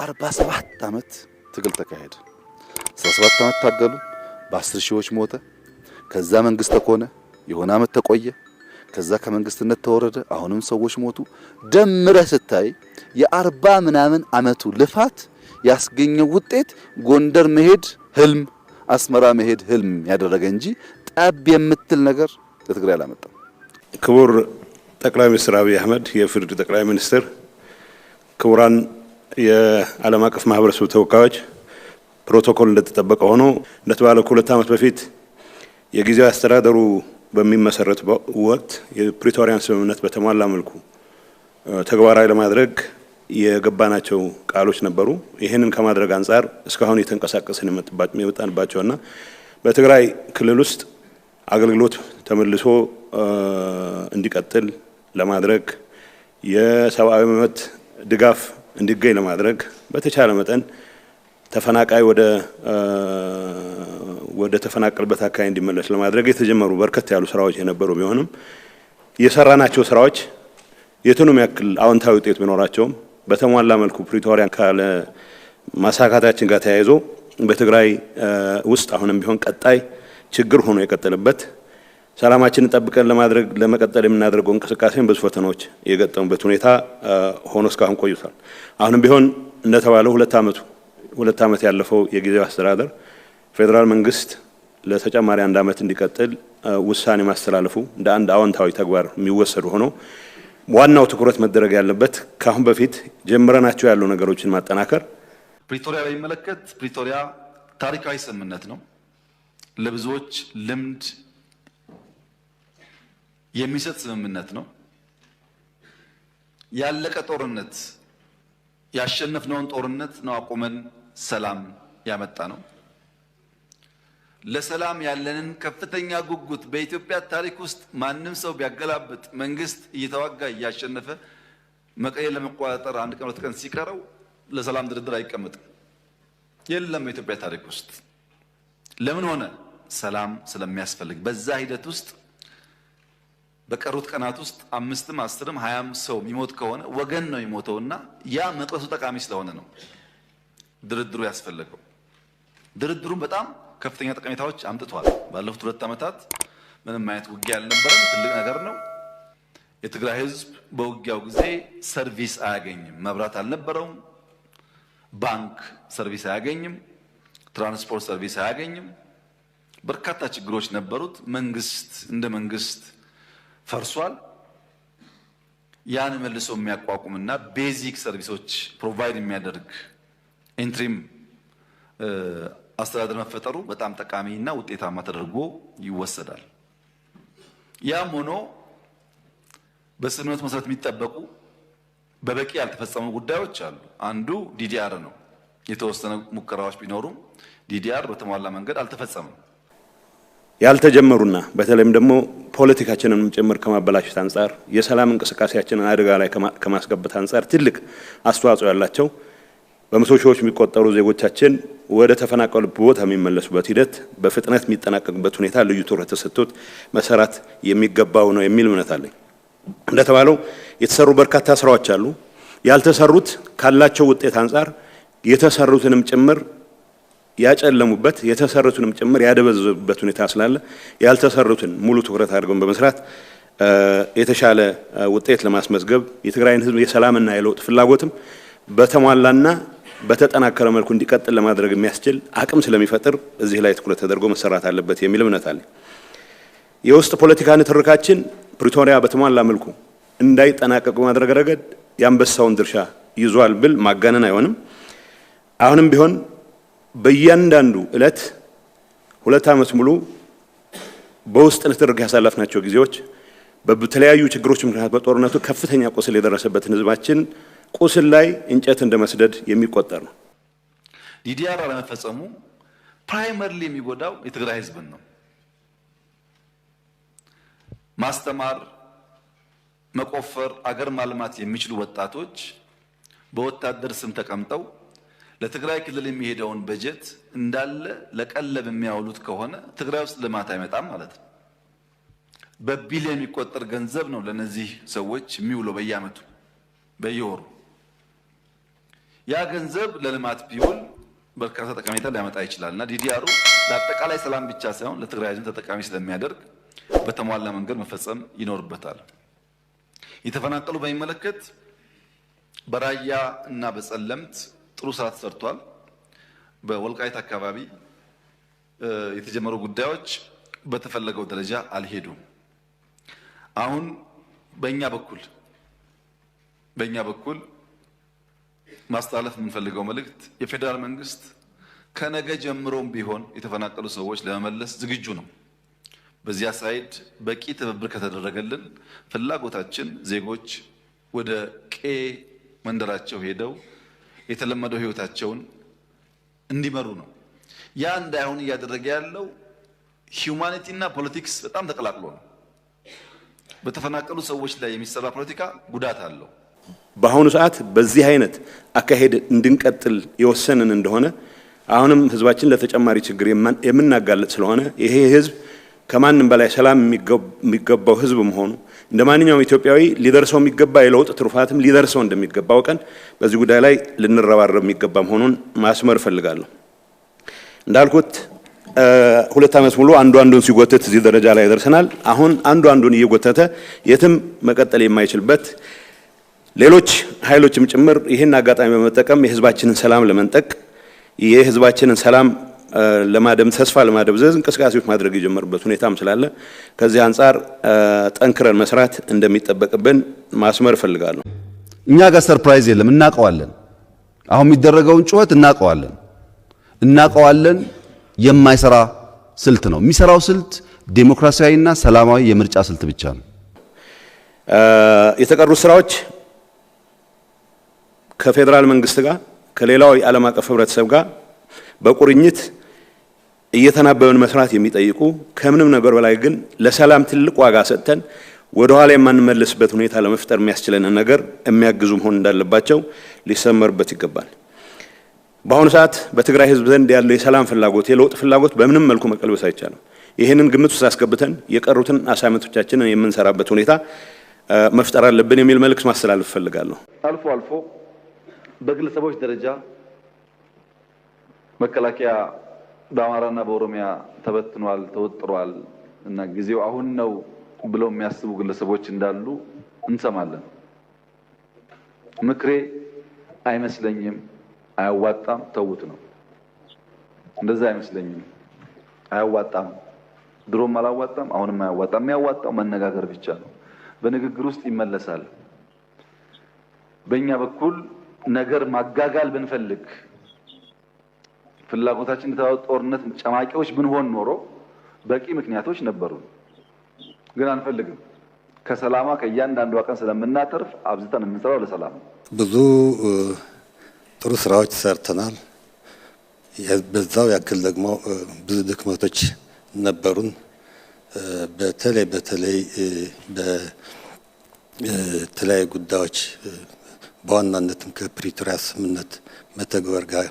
47 ዓመት ትግል ተካሄደ። 17 ዓመት ታገሉ። በአስር ሺዎች ሞተ። ከዛ መንግስት ተኮነ። የሆነ ዓመት ተቆየ። ከዛ ከመንግስትነት ተወረደ። አሁንም ሰዎች ሞቱ። ደምረህ ስታይ የአርባ ምናምን ዓመቱ ልፋት ያስገኘው ውጤት ጎንደር መሄድ ህልም፣ አስመራ መሄድ ህልም ያደረገ እንጂ ጠብ የምትል ነገር ለትግራይ አላመጣም። ክቡር ጠቅላይ ሚኒስትር አብይ አህመድ፣ የፍርድ ጠቅላይ ሚኒስትር፣ ክቡራን የዓለም አቀፍ ማህበረሰብ ተወካዮች ፕሮቶኮል እንደተጠበቀ ሆኖ እንደተባለው ከሁለት ዓመት በፊት የጊዜያዊ አስተዳደሩ በሚመሰረት ወቅት የፕሪቶሪያን ስምምነት በተሟላ መልኩ ተግባራዊ ለማድረግ የገባናቸው ቃሎች ነበሩ። ይህንን ከማድረግ አንጻር እስካሁን የተንቀሳቀስን የመጣንባቸውና በትግራይ ክልል ውስጥ አገልግሎት ተመልሶ እንዲቀጥል ለማድረግ የሰብአዊ መብት ድጋፍ እንዲገኝ ለማድረግ በተቻለ መጠን ተፈናቃይ ወደ ወደ ተፈናቀልበት አካባቢ እንዲመለስ ለማድረግ የተጀመሩ በርከት ያሉ ስራዎች የነበሩ ቢሆንም የሰራናቸው ስራዎች የቱንም ያክል አዎንታዊ ውጤት ቢኖራቸውም በተሟላ መልኩ ፕሪቶሪያን ካለ ማሳካታችን ጋር ተያይዞ በትግራይ ውስጥ አሁንም ቢሆን ቀጣይ ችግር ሆኖ የቀጠለበት ሰላማችንን ጠብቀን ለማድረግ ለመቀጠል የምናደርገው እንቅስቃሴን ብዙ ፈተናዎች የገጠሙበት ሁኔታ ሆኖ እስካሁን ቆይቷል። አሁንም ቢሆን እንደተባለው ሁለት ዓመቱ ሁለት ዓመት ያለፈው የጊዜያዊ አስተዳደር ፌዴራል መንግስት ለተጨማሪ አንድ ዓመት እንዲቀጥል ውሳኔ ማስተላለፉ እንደ አንድ አዎንታዊ ተግባር የሚወሰዱ ሆኖ ዋናው ትኩረት መደረግ ያለበት ከአሁን በፊት ጀምረናቸው ያሉ ነገሮችን ማጠናከር። ፕሪቶሪያ በሚመለከት ፕሪቶሪያ ታሪካዊ ስምምነት ነው። ለብዙዎች ልምድ የሚሰጥ ስምምነት ነው። ያለቀ ጦርነት ያሸነፍነውን ጦርነት ነው አቁመን ሰላም ያመጣ ነው። ለሰላም ያለንን ከፍተኛ ጉጉት በኢትዮጵያ ታሪክ ውስጥ ማንም ሰው ቢያገላብጥ መንግስት እየተዋጋ እያሸነፈ መቀሌ ለመቆጣጠር አንድ ቀን ሁለት ቀን ሲቀረው ለሰላም ድርድር አይቀመጥም። የለም በኢትዮጵያ ታሪክ ውስጥ ለምን ሆነ? ሰላም ስለሚያስፈልግ በዛ ሂደት ውስጥ በቀሩት ቀናት ውስጥ አምስትም አስርም ሀያም ሰው የሚሞት ከሆነ ወገን ነው የሚሞተው እና ያ መቅረሱ ጠቃሚ ስለሆነ ነው ድርድሩ ያስፈለገው። ድርድሩም በጣም ከፍተኛ ጠቀሜታዎች አምጥቷል። ባለፉት ሁለት ዓመታት ምንም አይነት ውጊያ አልነበረም። ትልቅ ነገር ነው። የትግራይ ህዝብ በውጊያው ጊዜ ሰርቪስ አያገኝም። መብራት አልነበረውም። ባንክ ሰርቪስ አያገኝም። ትራንስፖርት ሰርቪስ አያገኝም። በርካታ ችግሮች ነበሩት። መንግስት እንደ መንግስት ፈርሷል። ያን መልሶ የሚያቋቁምና ቤዚክ ሰርቪሶች ፕሮቫይድ የሚያደርግ ኢንትሪም አስተዳደር መፈጠሩ በጣም ጠቃሚ እና ውጤታማ ተደርጎ ይወሰዳል። ያም ሆኖ በስምምነቱ መሰረት የሚጠበቁ በበቂ ያልተፈጸሙ ጉዳዮች አሉ። አንዱ ዲዲአር ነው። የተወሰነ ሙከራዎች ቢኖሩም ዲዲአር በተሟላ መንገድ አልተፈጸመም። ያልተጀመሩና በተለይም ደግሞ ፖለቲካችንን ጭምር ከማበላሸት አንጻር የሰላም እንቅስቃሴያችንን አደጋ ላይ ከማስገባት አንጻር ትልቅ አስተዋጽኦ ያላቸው በመቶ ሺዎች የሚቆጠሩ ዜጎቻችን ወደ ተፈናቀሉበት ቦታ የሚመለሱበት ሂደት በፍጥነት የሚጠናቀቅበት ሁኔታ ልዩ ትኩረት ተሰጥቶት መሰራት የሚገባው ነው የሚል እምነት አለኝ። እንደተባለው የተሰሩ በርካታ ስራዎች አሉ። ያልተሰሩት ካላቸው ውጤት አንጻር የተሰሩትንም ጭምር ያጨለሙበት የተሰሩትንም ጭምር ያደበዘዙበት ሁኔታ ስላለ ያልተሰሩትን ሙሉ ትኩረት አድርገን በመስራት የተሻለ ውጤት ለማስመዝገብ የትግራይን ህዝብ የሰላምና የለውጥ ፍላጎትም በተሟላና በተጠናከረ መልኩ እንዲቀጥል ለማድረግ የሚያስችል አቅም ስለሚፈጥር እዚህ ላይ ትኩረት ተደርጎ መሰራት አለበት የሚል እምነት አለ። የውስጥ ፖለቲካ ንትርካችን ፕሪቶሪያ በተሟላ መልኩ እንዳይጠናቀቅ በማድረግ ረገድ የአንበሳውን ድርሻ ይዟል ብል ማጋነን አይሆንም። አሁንም ቢሆን በእያንዳንዱ እለት ሁለት ዓመት ሙሉ በውስጥ ንትርክ ያሳለፍናቸው ጊዜዎች በተለያዩ ችግሮች ምክንያት በጦርነቱ ከፍተኛ ቁስል የደረሰበትን ህዝባችን ቁስል ላይ እንጨት እንደ መስደድ የሚቆጠር ነው። ዲዲአር አለመፈጸሙ ፕራይመሪሊ የሚጎዳው የትግራይ ህዝብን ነው። ማስተማር፣ መቆፈር፣ አገር ማልማት የሚችሉ ወጣቶች በወታደር ስም ተቀምጠው ለትግራይ ክልል የሚሄደውን በጀት እንዳለ ለቀለብ የሚያውሉት ከሆነ ትግራይ ውስጥ ልማት አይመጣም ማለት ነው። በቢሊዮን የሚቆጠር ገንዘብ ነው ለእነዚህ ሰዎች የሚውለው በየአመቱ በየወሩ። ያ ገንዘብ ለልማት ቢውል በርካታ ጠቀሜታ ሊያመጣ ይችላል እና ዲዲአሩ ለአጠቃላይ ሰላም ብቻ ሳይሆን ለትግራይ ሕዝብ ተጠቃሚ ስለሚያደርግ በተሟላ መንገድ መፈጸም ይኖርበታል። የተፈናቀሉ በሚመለከት በራያ እና በጸለምት ጥሩ ስራ ተሰርቷል። በወልቃይት አካባቢ የተጀመሩ ጉዳዮች በተፈለገው ደረጃ አልሄዱም። አሁን በእኛ በኩል በእኛ በኩል ማስተላለፍ የምንፈልገው መልእክት የፌዴራል መንግስት ከነገ ጀምሮም ቢሆን የተፈናቀሉ ሰዎች ለመመለስ ዝግጁ ነው። በዚያ ሳይድ በቂ ትብብር ከተደረገልን ፍላጎታችን ዜጎች ወደ ቄ መንደራቸው ሄደው የተለመደው ህይወታቸውን እንዲመሩ ነው። ያ እንዳይሆን እያደረገ ያለው ሂውማኒቲ እና ፖለቲክስ በጣም ተቀላቅሎ ነው። በተፈናቀሉ ሰዎች ላይ የሚሰራ ፖለቲካ ጉዳት አለው። በአሁኑ ሰዓት በዚህ አይነት አካሄድ እንድንቀጥል የወሰንን እንደሆነ አሁንም ህዝባችን ለተጨማሪ ችግር የምናጋለጥ ስለሆነ ይሄ ህዝብ ከማንም በላይ ሰላም የሚገባው ህዝብ መሆኑ እንደ ማንኛውም ኢትዮጵያዊ ሊደርሰው የሚገባ የለውጥ ትሩፋትም ሊደርሰው እንደሚገባው ቀን በዚህ ጉዳይ ላይ ልንረባረብ የሚገባ መሆኑን ማስመር እፈልጋለሁ። እንዳልኩት ሁለት ዓመት ሙሉ አንዱ አንዱን ሲጎትት እዚህ ደረጃ ላይ ደርሰናል። አሁን አንዱ አንዱን እየጎተተ የትም መቀጠል የማይችልበት ሌሎች ኃይሎችም ጭምር ይህን አጋጣሚ በመጠቀም የህዝባችንን ሰላም ለመንጠቅ የህዝባችንን ሰላም ለማደም ተስፋ ለማደብዘዝ እንቅስቃሴዎች ማድረግ የጀመሩበት ሁኔታም ስላለ ከዚህ አንጻር ጠንክረን መስራት እንደሚጠበቅብን ማስመር እፈልጋለሁ። እኛ ጋር ሰርፕራይዝ የለም፣ እናቀዋለን። አሁን የሚደረገውን ጩኸት እናቀዋለን፣ እናቀዋለን። የማይሰራ ስልት ነው። የሚሰራው ስልት ዴሞክራሲያዊና ሰላማዊ የምርጫ ስልት ብቻ ነው። የተቀሩት ስራዎች ከፌዴራል መንግስት ጋር ከሌላው የዓለም አቀፍ ህብረተሰብ ጋር በቁርኝት እየተናበበን መስራት የሚጠይቁ ከምንም ነገር በላይ ግን ለሰላም ትልቅ ዋጋ ሰጥተን ወደ ኋላ የማንመለስበት ሁኔታ ለመፍጠር የሚያስችለንን ነገር የሚያግዙ መሆን እንዳለባቸው ሊሰመርበት ይገባል። በአሁኑ ሰዓት በትግራይ ሕዝብ ዘንድ ያለው የሰላም ፍላጎት የለውጥ ፍላጎት በምንም መልኩ መቀልበስ አይቻልም። ይህንን ግምት ውስጥ አስገብተን የቀሩትን አሳመቶቻችንን የምንሰራበት ሁኔታ መፍጠር አለብን የሚል መልእክት ማስተላለፍ እፈልጋለሁ። አልፎ አልፎ በግለሰቦች ደረጃ መከላከያ በአማራና በኦሮሚያ ተበትኗል፣ ተወጥሯል እና ጊዜው አሁን ነው ብለው የሚያስቡ ግለሰቦች እንዳሉ እንሰማለን። ምክሬ አይመስለኝም፣ አያዋጣም፣ ተዉት ነው። እንደዛ አይመስለኝም፣ አያዋጣም፣ ድሮም አላዋጣም፣ አሁንም አያዋጣም። የሚያዋጣው መነጋገር ብቻ ነው። በንግግር ውስጥ ይመለሳል። በእኛ በኩል ነገር ማጋጋል ብንፈልግ ፍላጎታችን ጦርነት ጨማቂዎች ብንሆን ኖሮ በቂ ምክንያቶች ነበሩ፣ ግን አንፈልግም። ከሰላማ ከእያንዳንዷ ቀን ስለምናተርፍ አብዝተን የምንሰራው ለሰላም ነው። ብዙ ጥሩ ስራዎች ሰርተናል። በዛው ያክል ደግሞ ብዙ ድክመቶች ነበሩን። በተለይ በተለይ በተለያዩ ጉዳዮች በዋናነትም ከፕሪቶሪያ ስምምነት መተግበር ጋር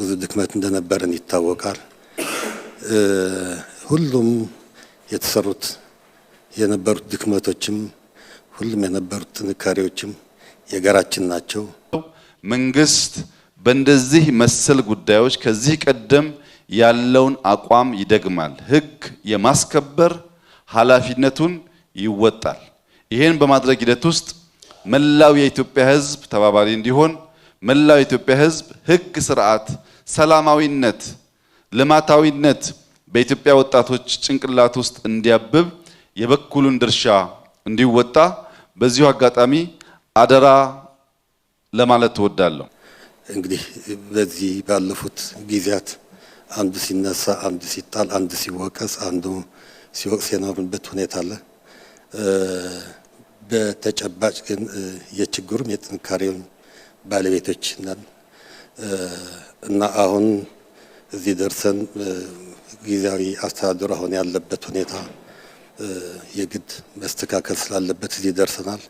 ብዙ ድክመት እንደነበረን ይታወቃል። ሁሉም የተሰሩት የነበሩት ድክመቶችም ሁሉም የነበሩት ጥንካሬዎችም የጋራችን ናቸው። መንግስት በእንደዚህ መሰል ጉዳዮች ከዚህ ቀደም ያለውን አቋም ይደግማል፣ ህግ የማስከበር ኃላፊነቱን ይወጣል። ይሄን በማድረግ ሂደት ውስጥ መላው የኢትዮጵያ ህዝብ ተባባሪ እንዲሆን መላው የኢትዮጵያ ህዝብ ህግ ስርዓት ሰላማዊነት፣ ልማታዊነት በኢትዮጵያ ወጣቶች ጭንቅላት ውስጥ እንዲያብብ የበኩሉን ድርሻ እንዲወጣ በዚሁ አጋጣሚ አደራ ለማለት ትወዳለሁ። እንግዲህ በዚህ ባለፉት ጊዜያት አንዱ ሲነሳ፣ አንዱ ሲጣል፣ አንዱ ሲወቀስ፣ አንዱ ሲወቅስ የኖርንበት ሁኔታ አለ። በተጨባጭ ግን የችግሩም የጥንካሬውን ባለቤቶች ነን። እና አሁን እዚህ ደርሰን ጊዜያዊ አስተዳደሩ አሁን ያለበት ሁኔታ የግድ መስተካከል ስላለበት እዚህ ደርሰናል።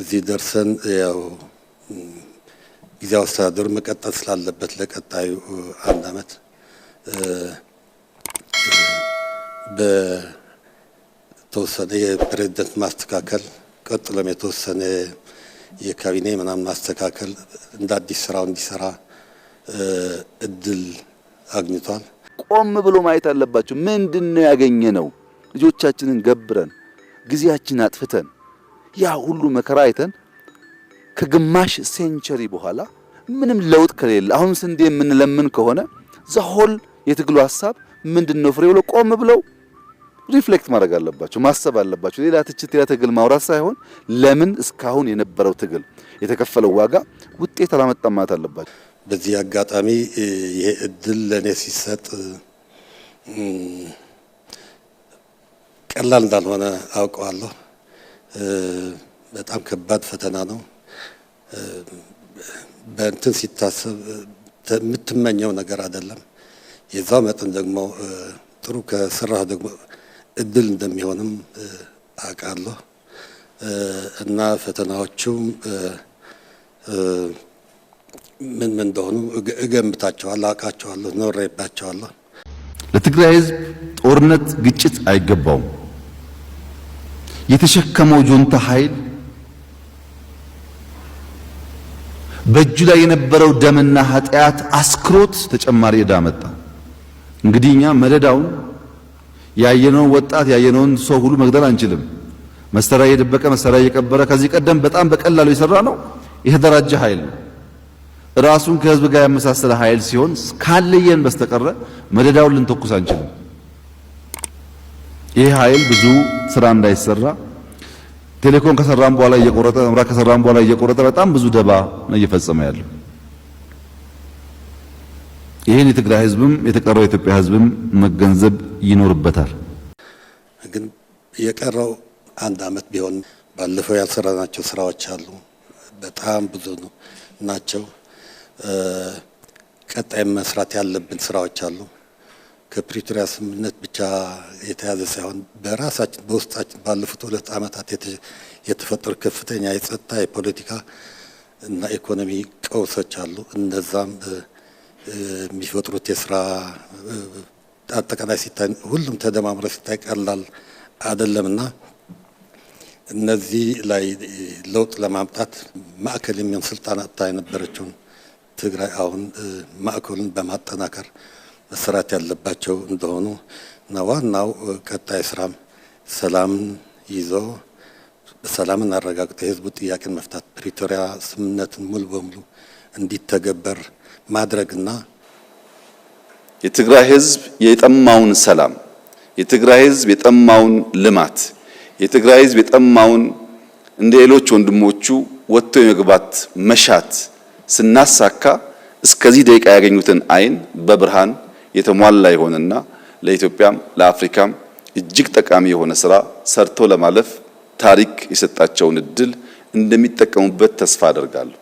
እዚህ ደርሰን ያው ጊዜያዊ አስተዳደሩ መቀጠል ስላለበት ለቀጣዩ አንድ ዓመት በተወሰነ የፕሬዝደንት ማስተካከል ቀጥሎም የተወሰነ የካቢኔ ምናምን ማስተካከል እንደ አዲስ ስራው እንዲሰራ እድል አግኝቷል። ቆም ብሎ ማየት አለባቸው። ምንድን ነው ያገኘ ነው? ልጆቻችንን ገብረን ጊዜያችንን አጥፍተን ያ ሁሉ መከራ አይተን ከግማሽ ሴንቸሪ በኋላ ምንም ለውጥ ከሌለ አሁን ስንዴ የምንለምን ከሆነ ዘሆል የትግሉ ሀሳብ ምንድን ነው? ፍሬ ብሎ ቆም ብለው ሪፍሌክት ማድረግ አለባቸው፣ ማሰብ አለባቸው። ሌላ ትችት፣ ሌላ ትግል ማውራት ሳይሆን ለምን እስካሁን የነበረው ትግል የተከፈለው ዋጋ ውጤት አላመጣም ማለት አለባቸው። በዚህ አጋጣሚ ይሄ እድል ለእኔ ሲሰጥ ቀላል እንዳልሆነ አውቀዋለሁ። በጣም ከባድ ፈተና ነው። በእንትን ሲታሰብ የምትመኘው ነገር አይደለም። የዛው መጠን ደግሞ ጥሩ ከስራህ ደግሞ እድል እንደሚሆንም አውቃለሁ እና ፈተናዎቹም ምን ምን እንደሆኑ እገምታቸዋለሁ፣ አውቃቸዋለሁ፣ ኖሬባቸዋለሁ። ለትግራይ ሕዝብ ጦርነት፣ ግጭት አይገባውም። የተሸከመው ጁንታ ኃይል በእጁ ላይ የነበረው ደምና ኃጢአት አስክሮት ተጨማሪ ዕዳ መጣ። እንግዲህ እኛ መደዳውን ያየነውን ወጣት ያየነውን ሰው ሁሉ መግደል አንችልም። መሳሪያ እየደበቀ መሳሪያ እየቀበረ ከዚህ ቀደም በጣም በቀላሉ የሰራ ነው። የተደራጀ ኃይል ነው። ራሱን ከህዝብ ጋር ያመሳሰለ ኃይል ሲሆን ካለየን በስተቀረ መደዳውን ልንተኩስ አንችልም። ይህ ኃይል ብዙ ስራ እንዳይሰራ ቴሌኮም ከሰራም በኋላ እየቆረጠ መብራት ከሰራም በኋላ እየቆረጠ በጣም ብዙ ደባ ነው እየፈጸመ ያለው። ይህን የትግራይ ህዝብም የተቀረው የኢትዮጵያ ህዝብም መገንዘብ ይኖርበታል። ግን የቀረው አንድ አመት ቢሆን ባለፈው ያልሰራናቸው ስራዎች አሉ። በጣም ብዙ ናቸው። ቀጣይ መስራት ያለብን ስራዎች አሉ። ከፕሪቶሪያ ስምምነት ብቻ የተያዘ ሳይሆን በራሳችን በውስጣችን ባለፉት ሁለት አመታት የተፈጠሩ ከፍተኛ የጸጥታ የፖለቲካ እና ኢኮኖሚ ቀውሶች አሉ። እነዛም የሚፈጥሩት የስራ አጠቃላይ ሲታይ ሁሉም ተደማምረ ሲታይ ቀላል አይደለምና እነዚህ ላይ ለውጥ ለማምጣት ማዕከል የሚሆን ስልጣን አጥታ የነበረችውን ትግራይ አሁን ማዕከሉን በማጠናከር መሰራት ያለባቸው እንደሆኑ እና ዋናው ቀጣይ ስራም ሰላምን ይዞ ሰላምን አረጋግጦ የህዝቡ ጥያቄን መፍታት ፕሪቶሪያ ስምምነትን ሙሉ በሙሉ እንዲተገበር ማድረግና የትግራይ ህዝብ የጠማውን ሰላም፣ የትግራይ ህዝብ የጠማውን ልማት፣ የትግራይ ህዝብ የጠማውን እንደ ሌሎች ወንድሞቹ ወጥቶ የመግባት መሻት ስናሳካ እስከዚህ ደቂቃ ያገኙትን አይን በብርሃን የተሟላ የሆነና ለኢትዮጵያም ለአፍሪካም እጅግ ጠቃሚ የሆነ ስራ ሰርቶ ለማለፍ ታሪክ የሰጣቸውን እድል እንደሚጠቀሙበት ተስፋ አደርጋለሁ።